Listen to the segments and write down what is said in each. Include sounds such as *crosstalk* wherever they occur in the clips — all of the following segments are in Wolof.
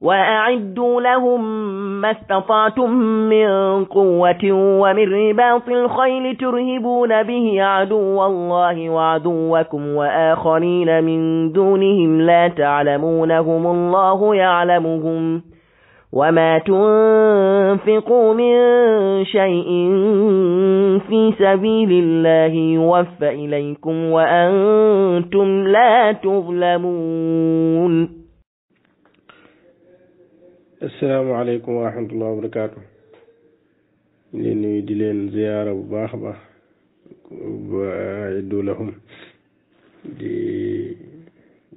وأعدوا لهم ما استطعتم من قوة ومن رباط الخيل ترهبون به عدو الله وعدوكم وآخرين من دونهم لا تعلمونهم الله يعلمهم وما تنفقوا من شيء في سبيل الله يوفى إليكم وأنتم لا تظلمون asalaamaaleykum wa rahmatulah wa ñu leen di leen ziyaara bu baax a baax du lahum di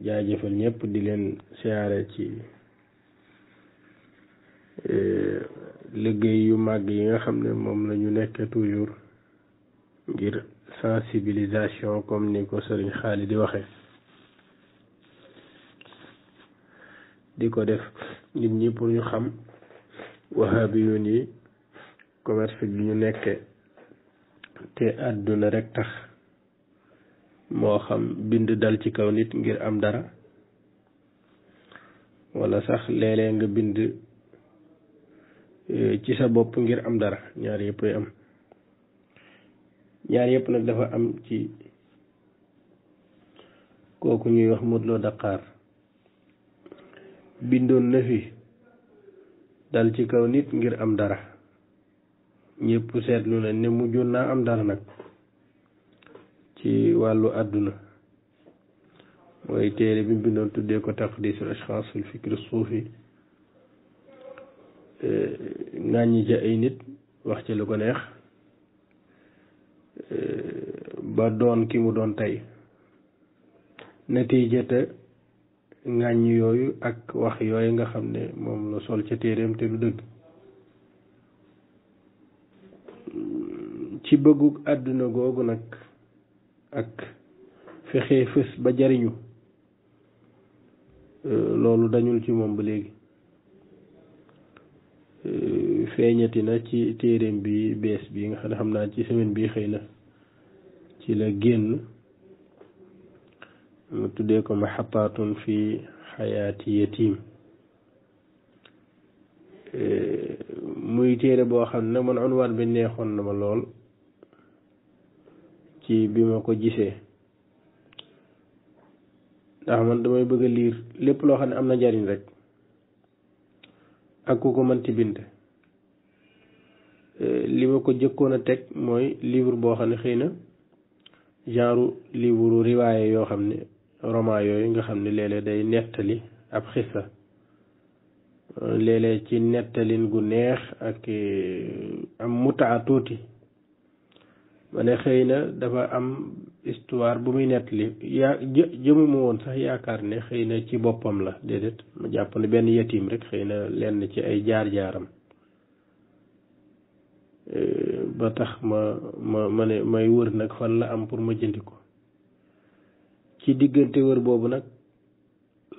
jaajëfal ñëpp di leen siyaare ci e, liggéey yu màgg yi nga xam ne moom la ñu nekk toujours ngir sensibilisation comme ni ko sëriñ xaali di waxee di ko def nit ñi pour ñu xam wahabiyun yi commerce gi ñu nekke te àdduna rek tax moo xam bind dal ci kaw nit ngir am dara wala sax léeg nga bind eh, ci sa bopp ngir am dara ñaar yëpp am ñaar yëpp nag dafa am ci kooku ñuy wax Modou Lo bindoon na fi dal ci kaw nit ngir am dara ñépp seetlu na ne mujjoon naa am dara nag ci wàllu àdduna mooy téere bi bindoon tuddee ko taqdisul ashxaas fil fikri suufi ŋàññi ci ay nit wax ci lu ko neex ba doon ki mu doon tey natiijata ŋàññ yooyu ak wax yooyu nga xam ne moom la sol ca téeréem te du dëgg ci bëggu àdduna googu nag ak fexe fës ba jariñu euh, loolu dañul ci moom ba léegi euh, feeñati na ci téeréem bi bees bi nga xam ne xam naa ci semaine bi xëy na ci la génn mu tuddee ko maxataatun fii xayaati yatim e, muy téere boo xam ne man unwaan bi neexoon na ma lool ci bi ma ko gisee ndax man damay bëgg a liir lépp loo xam ne am na njariñ rek ak ku ko mënti bind e, li ma ko jëkkoon a teg mooy livre boo xam ne xëy na genre livre riwaaye yoo xam ne roman yooyu nga xam ne léeg day nettali ab xisa léeg-léeg ci nettalin gu neex ak eh, am mutaa tuuti ma ne xëy na dafa am histoire bu muy nettali yaa jë jëmuma woon sax yaakaar ne xëy na ci boppam la déedéet ma jàpp ne benn yetim rek xëy na lenn ci ay jaar-jaaram eh, ba tax ma ma ma ne may wër nag fan la am pour ma jëndi ko ci diggante wër boobu nag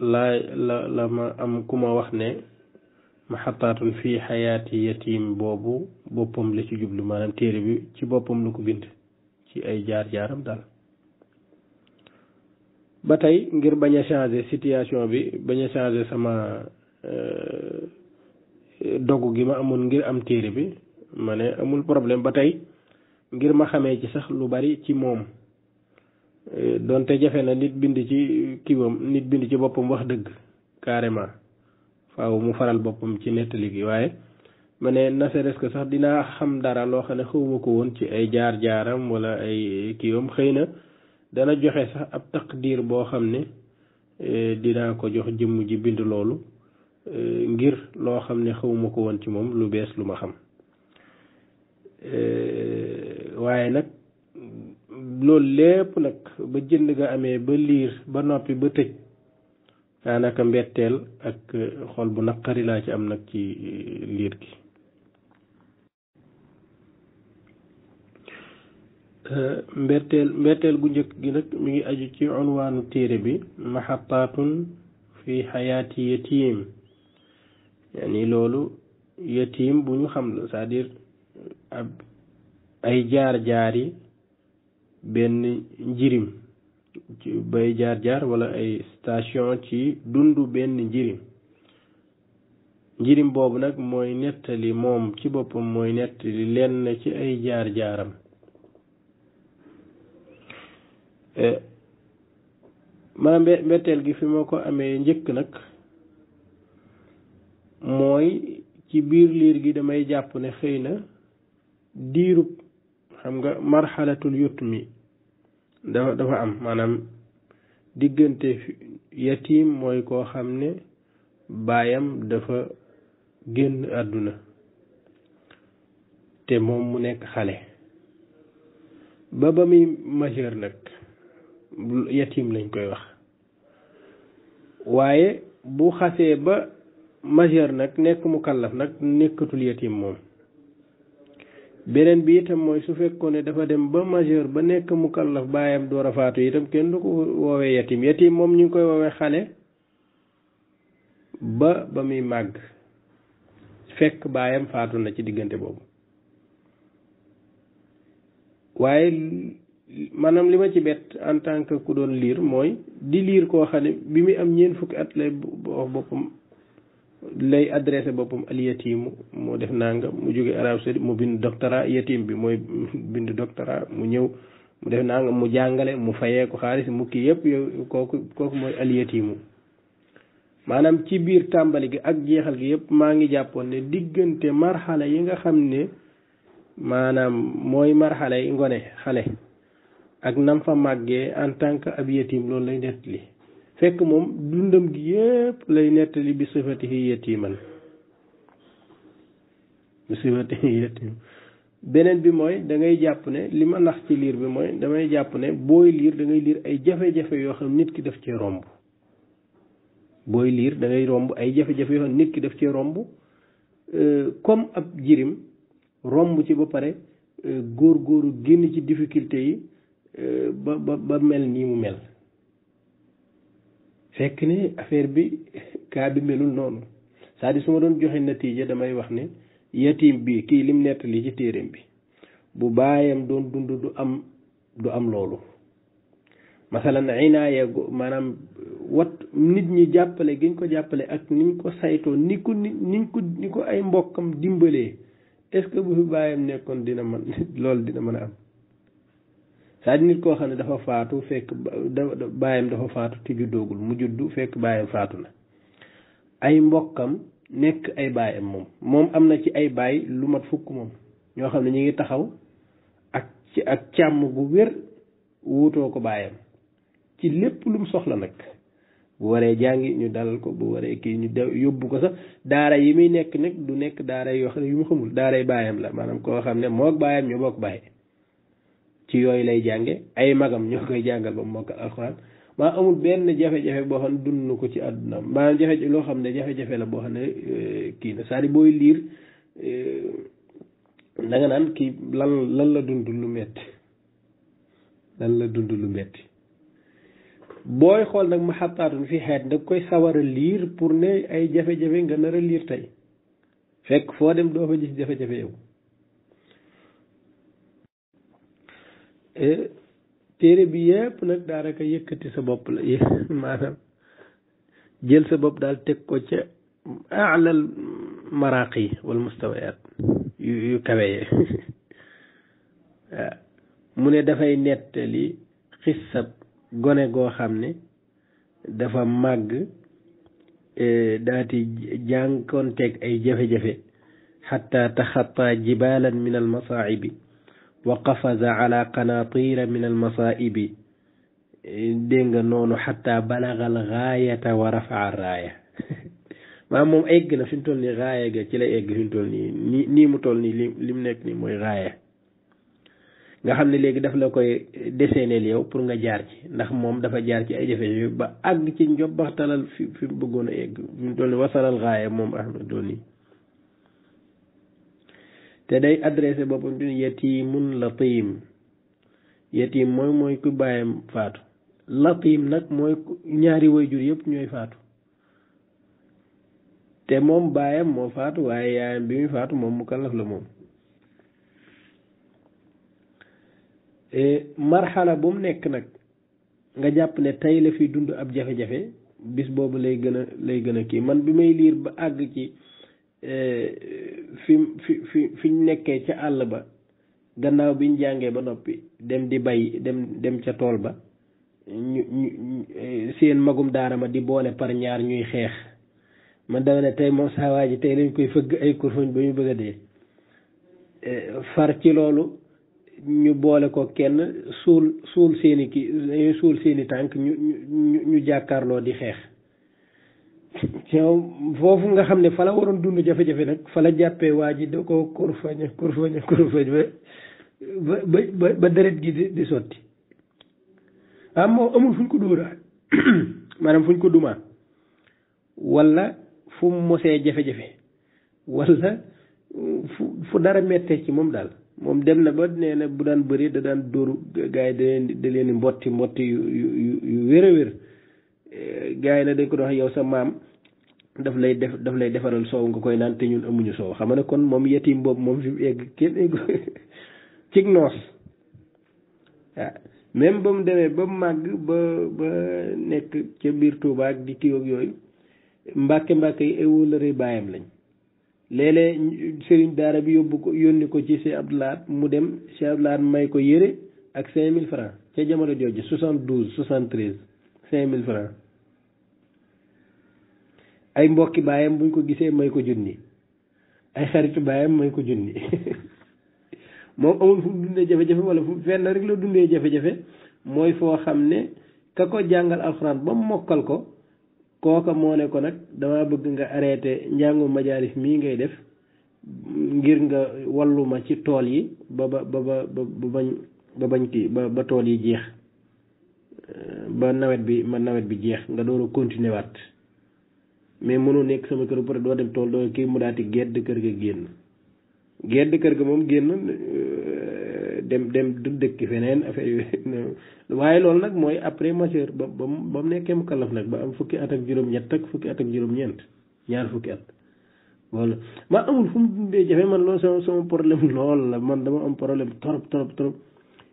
laa la la ma am ku ma wax ne maxataatun fii xayaati yatim boobu boppam la ci jublu maanaam téere bi ci boppam la ko bind ci ay jaar-jaaram daal ba tey ngir bañ a changer situation bi bañ a changer sama euh, dogu gi ma amoon ngir am téere bi ma ne amul problème ba tey ngir ma xamee ci sax lu bari ci moom Euh, donte jafe na nit bind ci kiwam nit bind ci boppam wax dëgg carrément faaw mu faral boppam ci nettali gi waaye ma ne na seres sax dinaa xam dara loo xam ne xawma ko woon ci ay jaar-jaaram wala ay kiwam xëy na dana joxe sax ab diir boo xam ne euh, dinaa ko jox jëmm ji bind loolu euh, ngir loo xam ne xawma ko woon ci moom lu bees lu ma xam waaye nag loolu lépp nag ba jënd nga amee ba liir ba noppi ba tëj daanaka mbetteel ak euh, xol bu naqari laa ci am nag ci euh, liir gi euh, mbetteel mbetteel bu njëkk gi nag mi ngi aju ci unwaanu téere bi maxataatun fi xayaati yatiim yaani loolu yatiim bu ñu xam la cest à ab ay jaar-jaari benn njirim bay jaar-jaar wala ay station ci dundu benn njirim njirim boobu nag mooy nettali moom ci boppam mooy nettali lenn ci ay jaar-jaaram e, maanaam mbetteel gi fi ma ko amee njëkk nag mooy ci biir liir gi damay jàpp ne xëy na diirub xam nga marxalatul yutmi dafa dafa am maanaam diggante yatiim mooy koo xam ne baayam dafa génn àdduna te moom mu nekk xale ba ba muy majeur nag yatiim lañ koy wax waaye bu xasee ba majeur nag nekk mu kallaf nag nekkatul yatiim moom beneen bi itam mooy su fekkoon ne dafa dem ba majeur ba nekk mu mukallaf baayam door a faatu itam kenn du ko woowee yatim yatim moom ñu ngi koy woowee xale ba ba muy màgg fekk baayam faatu na ci diggante boobu waaye maanaam li ma ci bett en tant que ku doon liir mooy di liir koo xam bi muy am ñeent fukki at lay boppam lay adressé boppam al mu moo def nangam mu jóge Arabie Saoudite mu bind doctorat yatim bi mooy *laughs* bind doctorat mu ñëw mu def nangam mu jàngale mu fayee xaalis mu kii yëpp yow kooku kooku mooy al maanaam ci biir tàmbali gi ak jeexal gi yëpp maa ngi jàppoon ne diggante marxala yi nga xam ne maanaam mooy marxale yi ngone xale ak nam fa màggee en tank que ab yatim loolu lay def li fekk moom dundam gi yépp lay nettali bi sifatihi yatiman bi sifatihi yatim beneen bi mooy dangay jàpp ne li ma nax ci liir bi mooy damay jàpp ne booy liir da ngay liir ay jafe-jafe yoo xam nit ki def cee romb booy liir da romb ay jafe-jafe yoo xam nit ki def cee romb euh, comme ab jirim romb ci ba pare euh, góor-góoru génn ci difficulté yi euh, ba ba ba mel nii mu mel fekk ne affaire bi kaa bi melul noonu c'est-à-dire su ma doon joxe natiija damay wax ne yatim bi kii lim nettali ci téereem bi bu baayam doon dund du am du am loolu masalan inaaya maanaam wat nit ñi jàppale giñ ko jàppale ak niñ ko saytoo ni ko ni ko ni ko ay mbokkam dimbalee est-ce bu fi baayam nekkoon dina mën *laughs* loolu dina mën a am daa di nit koo xam ne dafa faatu fekk baayam dafa faatu te juddoogul mu juddu fekk baayam faatu na ay mbokkam nekk ay baayam moom moom am na ci ay baay lu mat fukk moom ñoo xam ne ñu ngi taxaw ak ci ak càmm gu wér wuutoo ko baayam ci lépp lu mu soxla nag bu waree jàngi ñu dalal ko bu waree kii ñu de yóbbu ko sax daara yi muy nekk nag du nekk daara yoo xam ne yu mu xamul daaray baayam la maanaam koo xam ne moog baayam ñu bokk baay ci yooyu lay jànge ay magam ñoo koy jàngal ba mu mokkal alxuraan maa amul benn jafe-jafe boo xam ne dund na ko ci àdduna maa jafe loo xam ne jafe-jafe la boo xam ne eh, kii na cest booy liir eh, da naan kii lan lan la dund lu metti lan la dund lu metti booy xool nag ma xattaatun fi xeet da koy sawar a liir pour ne ay jafe-jafe nga nar liir tey fekk foo dem doo fa gis jafe-jafe yow Eh, téere bi yépp nag daanaka yëkkati sa bopp la *laughs* maanaam jël sa bopp daal teg ko ca alal maraaqi wal mustawayaat yu yu kaweyee *laughs* mu ne dafay nettali xissab gone goo xam ne dafa màgg eh, daati jànkoonteeg ay jafe-jafe xatta taxatta jibaalan min al masaa'ibi wa qafaza ala qanatira min al masaibi dégg nga noonu xatta balagal gaayata wa rafaa raaya *laughs* maam moom egg na fi mu toll nii raaya ga ci lay egg fi mu toll nii nii mu toll nii li mu nekk nii mooy raaya nga xam ne léegi daf la koy deseneel yow pour nga jaar ci ndax moom dafa jaar ci ay jafe-jafe ba àgg ci njobbaxtalal fi mu bëggoon a egg fi mu toll nii wasalal raaya moom ahmad doon nii te day adressé boppam ci yatiimun latiim yatiim mooy mooy ku bàyyam faatu latiim nag mooy ñaari wayjur yëpp ñooy faatu te moom baayam moo faatu waaye yaayam bi muy faatu moom mu kallaf la moom e, marxala bu mu nekk nag nga jàpp ne tey la fi dund ab jafe-jafe bis boobu lay gën a lay gën a kii man bi may liir ba àgg ci Eh, fi fi fi fiñ nekkee ca àll ba gannaaw biñ jàngee ba noppi dem di bay dem dem ca tool ba ñu ñu eh, seen magum daara ma di boole par ñaar ñuy xeex man dama ne tey moom saa waa ji tey lañ koy fëgg ay kurfañ ba ñu bëgg a dee eh, far ci loolu ñu boole ko kenn suul suul seeni ki suul seeni tànk ñu ñu ñu jàkkaarloo di xeex foofu nga xam ne fa la waroon dund jafe-jafe nag fa la jàppee waa ji da ko kurfañ kurfañ kurfañ ba ba ba deret gi di sotti am ah, moom amul fu ñu ko dóoraa *coughs* maanaam fu ñu ko dumaa wala fu mu mosee jafe-jafe wala fu fu dara mettee ci moom daal moom dem na ba nee bu daan bëri da daan dóoru gars yi da leen da leen mbotti mbotti yu yu a wér Eh, gars yi na dañ ko doon wax yow sa maam daf lay def daf lay defaral soow nga koy naan te ñun amuñu soow xam ne kon moom yetim boobu moom fi mu egg kenn *laughs* cig noos waaw ah, même ba mu demee ba mu màgg ba ba nekk ca biir Touba ak di kii yooyu mbàkke mbàkke yi ewulëre baayam lañ léeg-léeg sëriñ daara bi yóbbu ko yónni ko ci Cheikh Abdoulaat mu dem Cheikh Abdoulaat may ko yére ak cinq mille francs ca jamono jooju soixante douze soixante treize cinq mille franc ay mbokki bàyyam buñ ko gisee may ko junni ay xaritu bàyyam may ko junni *laughs* moom amul fu mu dundee jafe-jafe wala fu fenn rek la dundee jafe-jafe mooy foo xam ne ka ko jàngal alxuraan ba mokkal ko kooka moo ne ko nag dama bëgg nga arrêté njàngu majaarif mii ngay def ngir nga walluma ci tool yi ba ba ba ba ba bañ ba bañ kii ba ba tool yi jeex ba nawet bi man nawet bi jeex nga door a continuer waat mais mënoo nekk sama kër ba pare doo dem tool doo kii mu daati gedd kër ga génn gedd kër ga moom génn euh, dem dem du dëkk feneen affaire yooyu *laughs* waaye loolu nag mooy après majeur ba ba mu ba mu nekkee mu kalaf nag ba am fukki at ak juróom-ñett ak fukki at ak juróom-ñeent ñaar fukki at. voilà maa amul fu mu dee jafe man lool sama sama problème *laughs* lool la man dama am problème trop trop trop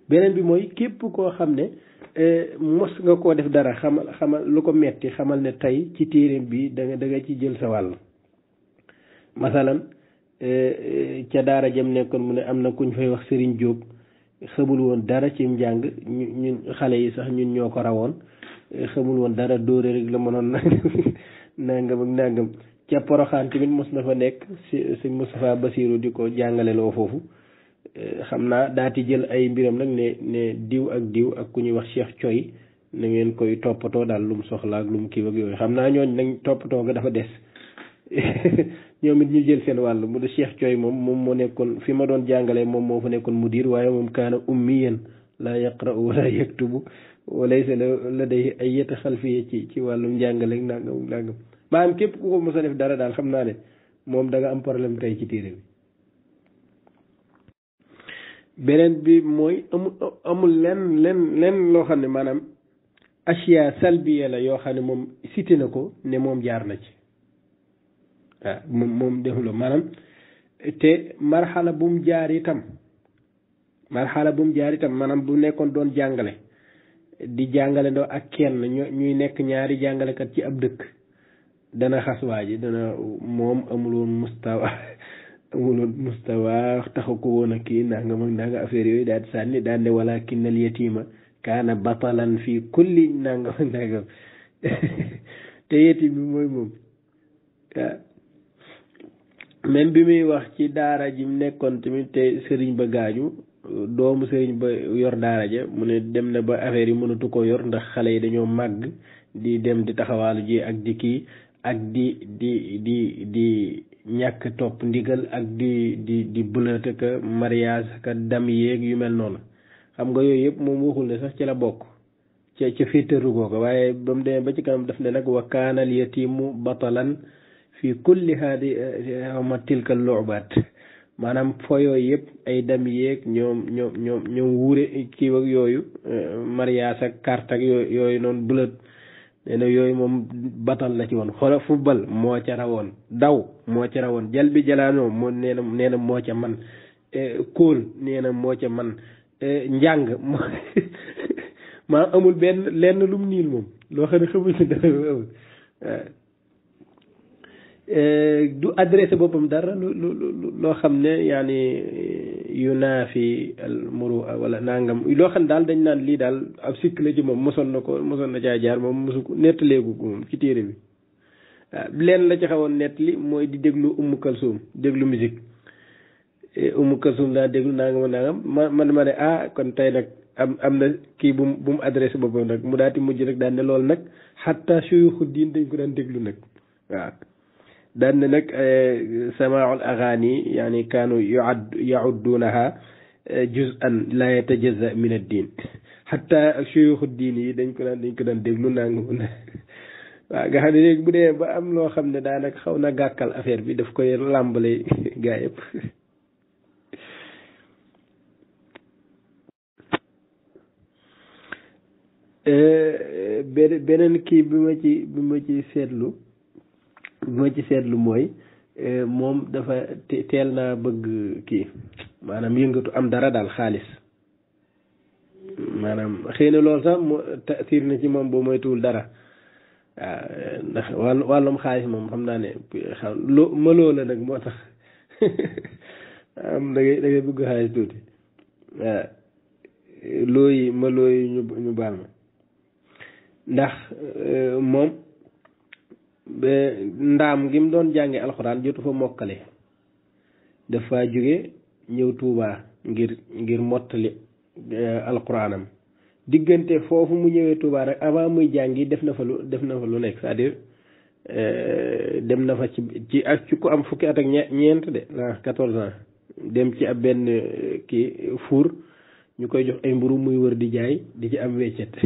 beneen bi mooy képp koo xam ne. Eh, mos nga koo def dara xamal xamal lu ko metti xamal ne tey ci téereem bi danga danga ci jël sa wàll masalan eh, eh, ca daara jëm nekkoon mu ne am na ku ñu fay wax Serigne jóob xamul woon dara ci njàng ñu ñun xale yi sax ñun ñoo ko rawoon xamul woon dara dóore la mënoon *laughs* nangam nàngam nangam ca poroxaan tamit mos na fa nekk si si Moustapha Basirou di ko jàngale loo foofu Euh, xam naa daati jël ay mbiram nag ne ne diw ak diw ak ku ñuy wax Cheikh Coy na ngeen koy toppatoo daal lu mu soxla ak lu mu kii ak yooyu xam naa ñooñ nañ toppatoo nga dafa des *laughs* ñoom it ñu jël seen wàll mu du Cheikh Coy moom moom moo nekkoon fi ma doon jàngalee moom moo fa nekkoon mudir waaye moom kaana ummiyan laa yaqra'u wala yaktubu walaysa ladayhi ayyatu xalfiya ci ci wàllum njàngale nangam nangam maanaam képp ku ko mos a def dara daal xam naa ne moom danga am problème tey ci téere bi beneen bi mooy amul amul lenn lenn loo xam ne maanaam asiya salbiya la yoo xam ne moom cité na ko ne moom jaar na ci waaw ah, moom moom defuloo maanaam te marxala bu mu jaar itam marxala bu mu jaar itam maanaam bu nekkoon doon jàngale di jàngale ndoo ak kenn ñuy nekk ñaari jàngalekat ci ab dëkk dana xas waa dana moom amul woon *laughs* wala mustawa taxu ko woon a kii nangam ak nangam affaire yooyu daal sànni daal ne wala kinnal yatiima kaana batalan fii kulli nangam ak nangam *laughs* te yetim bi mooy moom waaw bi muy wax ci daara ji mu nekkoon tamit te sëriñ ba gaaju doomu sëriñ ba yor daara ja mu ne dem na ba affaire yi mënatu ko yor ndax xale yi dañoo màgg di dem di taxawaalu ji ak di kii ak di di di di ñàkk topp ndigal ak di di di bëlët ka mariage ka dam yéeg yu mel noonu xam nga yooyu yëpp moom waxul ne sax ci la bokk ca ca féetaru googa waaye ba mu demee ba ci kanam daf ne nag wa kaanal yatimu batalan fi kulli haadi eh, ma tilka lu'bat maanaam fo yooyu yëpp ay dam yéeg ñoom ñoom wuure kii ak yooyu eh, mariage ak carte ak yooyu noonu bëlët nee na yooyu moom batal la ci woon xoola football moo ca rawoon daw moo ca rawoon jël bi jalaanoo moo nee na moo ca man eh, kóol nee na moo ca man eh, njàng *laughs* maa amul benn lenn lum niil moom loo xam ne xamuñ ne dara amul eh. Euh, du adressé boppam dara lu loo xam ne yaani euh, yu naa fi al muru wala nangam loo xam ne daal dañ naan lii daal ab sikk la ci moom mosoon na ko mosoon na caa jaar moom mosu ko nettaleegu ko moom ci bi leen la ci xawoon nettali mooy di déglu Umu Kalsum déglu musique eh, Umu Kalsum daa déglu nangam nangam ma man ma ne ah, kon tey nag am am na kii bu mu bu mu adressé boppam nag mu daati mujj rek daan ne loolu nag xatta suyuxu diin dañ ko daan déglu nag waa daan na nag eh, samaaul agaani yaani kaanu yuad yuaddunaha eh, juz'an la yatajaza min ad-diin xatta ak suyuxu diin yi dañ ko daan dañ ko daan déglu nangu na *laughs* waaw nga xam ne léegi bu dee ba am loo xam ne daanaka xaw na gàkkal affaire bi daf koy làmbale *laughs* gaa yëpp *laughs* eh, beneen kii bi ma ci bi ma ci seetlu moo ci seetlu mooy eh, moom dafa teel naa bëgg kii maanaam yëngatu am dara daal xaalis maanaam xëy na loolu sax mu taasiir na ci moom boo moytuwul dara waaw ah, ndax wàllu xaalis moom xam naa ne xam loo la nag moo tax *laughs* am da ngay bëgg xaalis tuuti waaw ah, loo yi mëloo yi ñu ñu baal ma ndax eh, moom ndaam gi mu doon jànge alxuraan jotu fa mokkale dafa jóge ñëw tuubaa ngir mottali e, alxuraanam diggante foofu mu ñëwee tuubaa nag avant muy jàngi def na fa lu def na fa lu nekk c'est-à-dire e, dem na fa ci ci ak ku am fukki at ak ñeent de la ah, quatorze ans dem ci ab benn e, kii fuur ñu koy jox ay mburu muy wër di jaay di ci am weccet *laughs*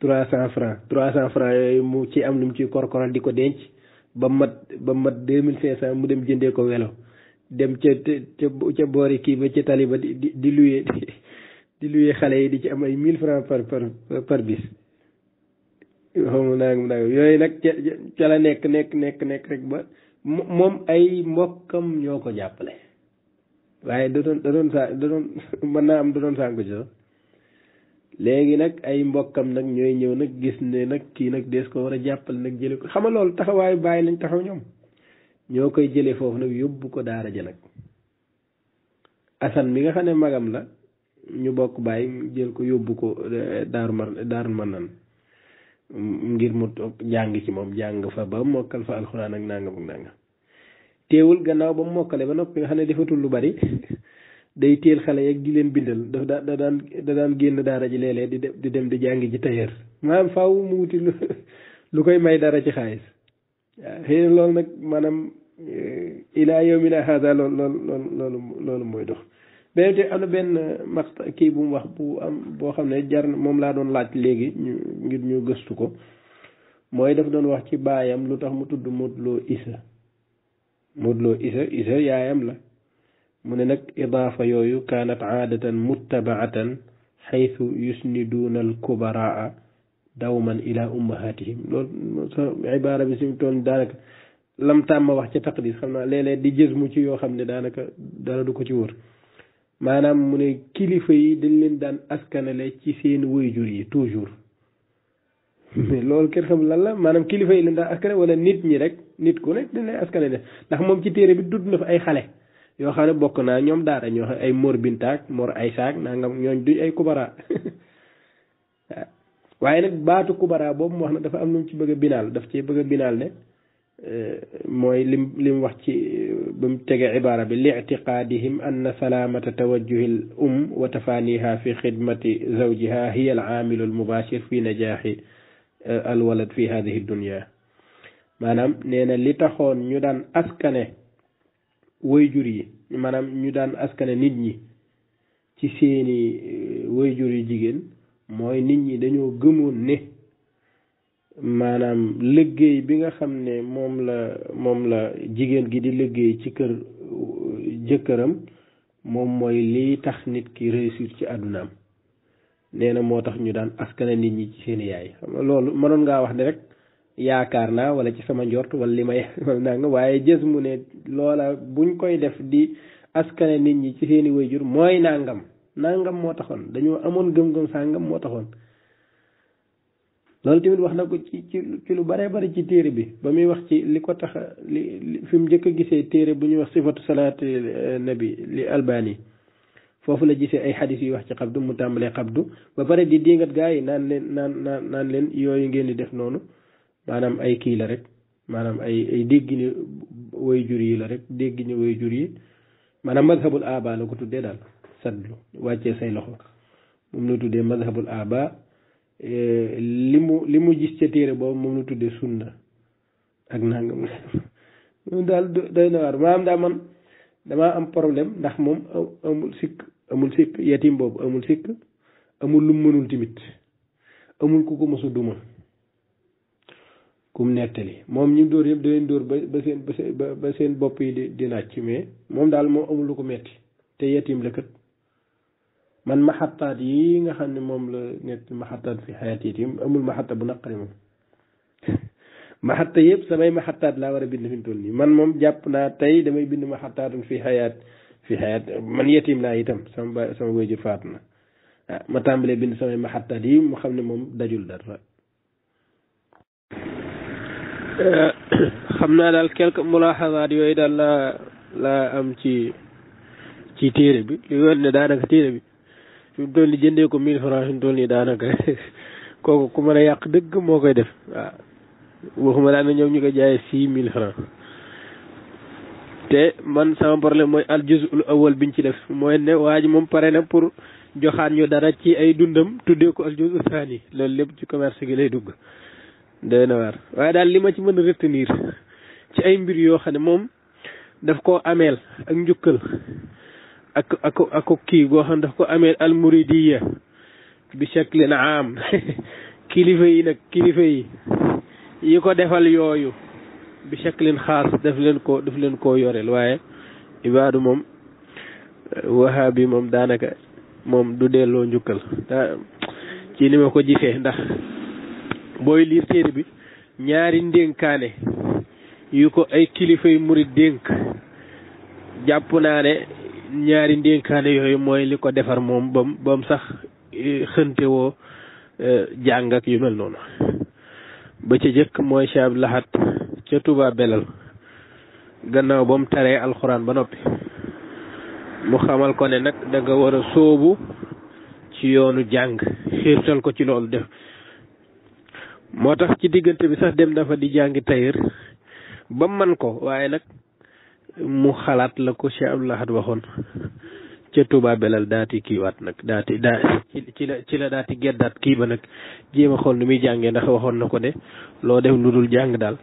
trois cent francs trois cent francs yooyu mu ci am lu mu ciy koro di ko denc ba mat ba mat deux mille cinq cent mu dem jëndee ko welo dem ca ca ca boori kii ba ca tali ba di di luye di luye *laughs* xale yi di ci am ay mille francs par par par bis xawma nangam nangam yooyu nag ca la nekk nekk nekk nekk rek ba moom ay mbokkam ñoo ko jàppale waaye da doon da doon saa da doon *laughs* mën naa am da doon sànku ci sax léegi nag ay mbokkam nag ñooy ñëw nag gis ne nag kii nag dees ko war a jàppale nag jële ko xama loolu taxawaayu bàyyi lañ taxaw ñoom ñoo koy jële foofu nag yóbbu ko daara ja nag asan mi nga xam ne magam la ñu bokk bàyyi jël ko yóbbu ko eh, daaru man daaru man nan ngir mu toog jàng ci moom jàng fa ba mokkal fa alxuraan ak nangam ak teewul gannaaw ba mu mokkale ba noppi nga xam ne defatul lu bari day teel xale yeeg di leen bindal daf daan da daan génn daara ji léeg-léeg di dem di dem di jàngi ji tailleur maanaam faw mu wuti lu koy may dara ci xaalis waaw loolu nag maanaam eh, ilaa yow mi loolu loolu loolu loolu mooy dox beneen te am na benn maxt kii bu mu wax bu am boo xam ne jar moom laa doon laaj léegi ñu ngir ñu gëstu ko mooy daf doon wax ci baayam lu tax mu tudd Modou Lo Isa Modou Lo Isa Isa yaayam la mu ne nag idaafa yooyu kaanat aadatan muttabaatan xaytu yusniduuna alkubaraa dawman ila ummahatihim loolu sa ibaara bi suñu toon daanaka lam tàmm wax ca taqdis xam naa léeg di jës mu yoo xam ne daanaka dara du ko ci wër maanaam mu ne kilifa yi dañ leen daan askanale ci seen waajur yi toujours mais loolu kenn xam lan la maanaam kilifa yi la daan askanale wala nit ñi rek nit ko nekk dañ leen askanale ndax moom ci téere bi dudd na fa ay xale yo xam bokk na ñom daara ñu ay Mor bintak Mor ay Aysaak nangam ñoo duñ ay kubara waye nak baatu kubara bo mu wax na dafa am ñu ci bëgg binal daf ci bëgg binal ne moy lim lim wax ci ba mu tege ibara bi li'tiqadihim anna salamata tawajjuhi l um wa tafaniha fi khidmati zawjiha hiya al amil al mubashir fi najahi al walad fi hadhihi ad-dunya manam neena li taxoon ñu daan askane jur yi maanaam ñu daan askane nit ñi ci seeni eh, wayjur yu jigéen mooy nit ñi dañoo gëmoon ne maanaam liggéey bi nga xam ne moom la moom la jigéen gi di liggéey ci kër jëkkëram moom mooy liy tax nit ki réussir ci àddunaam nee na moo tax ñu daan askane nit ñi ci seeni yaay xam nga loolu mënoon ngaa wax ne rek yaakaar naa walla ci sama njort wala li may *laughs* nanga waaye jës ne loola buñ koy def di askane nit ñi ci seeni wayjur mooy nàngam nangam moo taxoon dañoo amoon gëm-gëm sàngam moo taxoon loolu tamit wax na ko ci ci ci lu bare bari ci téere bi ba muy wax ci li ko tax li fi mu njëkk a gisee téere bu ñuy wax sifatu salaati eh, nabi li albani foofu la gisee ay xadis yuy wax ci xabdu mu tàmbalee xabdu ba pare di dingat gaa yi naan leen naan naan naan leen yooyu ngeen di def noonu maanaam ay kii la rek maanaam ay ay déggini way jur yii la rek déggini way jur yi maanaam mazhabul aba la tuddee daal sadlu wàccee say loxo moom la tuddee mazhabul aba li mu li mu gis ca téere boobu moom la tuddee sunna ak nangam moom daal doy na waar maanaam daa man damaa am problème ndax moom amul sikk amul sikk yatim boobu amul sikk amul lu mënul timit amul ku ko mësu duma kum nettali moom ñu dóor yëpp da dóor ba ba seen bopp yi di di nàcc mais moom daal moo amul lu ko metti te yetim la kat man maxataat yi nga xam ne moom la nett maxataat fi xayaat bu naqari *laughs* yëpp samay maxataat laa war a bind fi man moom jàpp naa tey damay bind maxataatun fi xayaat fi xayaat man yetim laa itam sama ba sama wéjur faatu na ah ma tàmbalee bind samay maxataat yi mu xam ne moom dajul dara Eh, *coughs* xam naa daal quelque mulaaxasaat yooyu daal laa laa am ci ci téere bi li ne daanaka téere bi fi mu toll nii jëndee ko 1000 francs fi mu nii daanaka *laughs* kooku ku mën a yàq dëgg moo koy def waaw waxuma daal ne ñoom ñu ko jaayee 6000 francs te man sama la mooy al juzul awal biñ ci def mooy ne waa ji moom pare na pour joxaat ñu dara ci ay dundam tuddee ko al juzul saani loolu lépp ci commerce gi lay dugg. doy na waar waaye daal li ma ci mën a retenir ci ay mbir yoo xam ne moom daf koo ameel ak njukkal ak ak ak kii goo xam ne daf ko ameel al muridiya bi shaklin am *laughs* kilifa yi nag kilifa yi yi ko defal yooyu bi shaklin xaas daf leen ko daf leen koo yoreel waaye ibaadu moom wahabi moom daanaka moom du delloo njukkal ci li ma ko gisee ndax booy liir téere bi ñaari ndénkaane yu ko ay kilifa yu murit dénk jàpp naa ne ñaari ndénkaane yooyu mooy li ko defar moom bam sax e, xënte woo e, jàng ak yu mel noonu ba ca jëkk mooy Cheikh Abdou Lahad ca tubaab Belal gannaaw ba taree alxuraan ba noppi mu xamal ko ne nag da nga war a sóobu ci yoonu jàng xiirtal ko ci loolu de moo tax ci diggante bi sax dem dafa di jàng tailleur ba man ko waaye nag mu xalaat la ko ci Abdoul Ahad waxoon ca Touba Belal daati kiiwaat nag daati la ci la daati geddaat kii ba nag jéem a xool nu muy jàngee ndax waxoon na ko de loo def lu dul jàng daal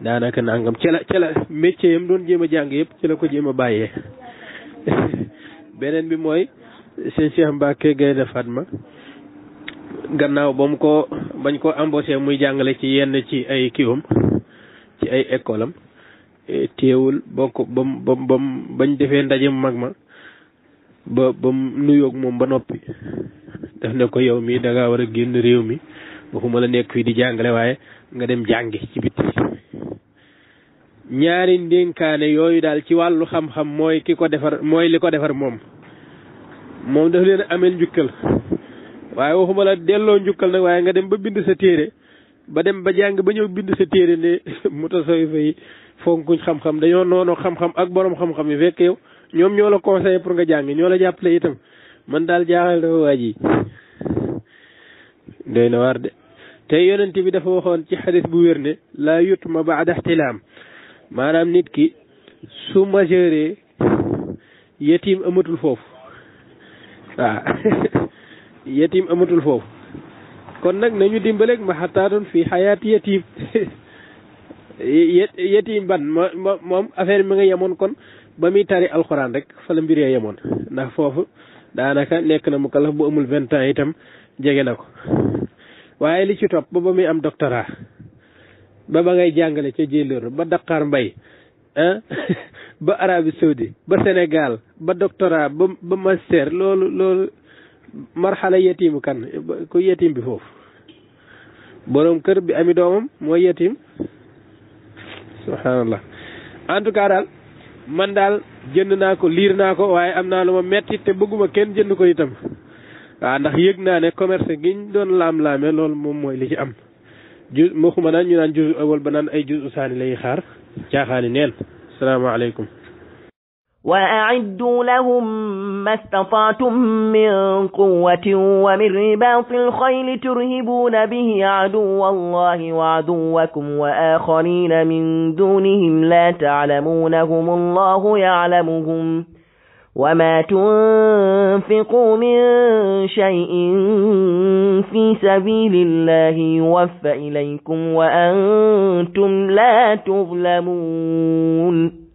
daanaka nangam ca la ca la métier yam doon jéem a jàng yëpp ci la ko jéem a bàyyee *laughs* beneen bi mooy sëñ Cheikh Mbacke Gaynde ma gannaaw ba mu ko bañ koo embauché muy jàngale ci yenn ci ay kiwam ci ay école am e, téewul boo ko ba mu ba mu bañ defee ndaje mu mag ma ba ba mu nuyoog moom ba noppi def ne ko yow mii danga war a génn réew mi waxuma la nekk fii di jàngale waaye nga dem jàngi ci biti ñaari ndénkaane yooyu daal ci wàllu xam-xam mooy ki li ko defar moom moom daf leen ameel njukkal waaye waxuma la delloo njukkal nag waaye nga dem ba bind sa téere ba dem ba jàng ba ñëw bind sa téere ne *laughs* mutasawifa yi fonkuñ xam-xam dañoo noonu xam-xam ak boroom xam-xam yi fekk yow ñoom ñoo la conseillé pour nga jàng ñoo la jàppale itam man daal jaaxal dafa waaj yi doy na waar de te yonent bi dafa waxoon ci xadis bu wér ne laa yutma baada ixtilaam maanaam nit ki su majeure yetim amatul foofu waaw *laughs* yatiim amatul foofu kon nag nañu dimbaleeg ma xataatun fii xayaati yatiim yatiim ban moom affaire mi nga yemoon kon ba muy tari alxuraan rek fa la mbir yemoon ndax foofu daanaka lekk na mu kalaf bu amul vingt ans itam jege na ko waaye li ci topp ba ba muy am doctorat ba ba ngay jàngale ca jëlóor ba Dakar Mbay ah, *laughs* ba Arabie Saoudi ba Sénégal ba doctorat ba ba master loolu loolu marxala yetiimu kan ku yetiim bi foofu boroom kër bi ami doomam mooy yetiim subhanallah en tout daal man daal jënd naa ko liir naa ko waaye am naa lu ma metti te bëgguma kenn jënd ko itam waaw ndax yëg naa ne commerce giñ doon laam-laame loolu moom mooy li ci am ju maxuma naan ñu naan juzu awal ba naan ay juzu saani lay xaar caaxaani neen salaamaaleykum وأعدوا لهم ما استطعتم من قوة ومن رباط الخيل ترهبون به عدو الله وعدوكم وآخرين من دونهم لا تعلمونهم الله يعلمهم وما تنفقوا من شيء في سبيل الله يوفى إليكم وأنتم لا تظلمون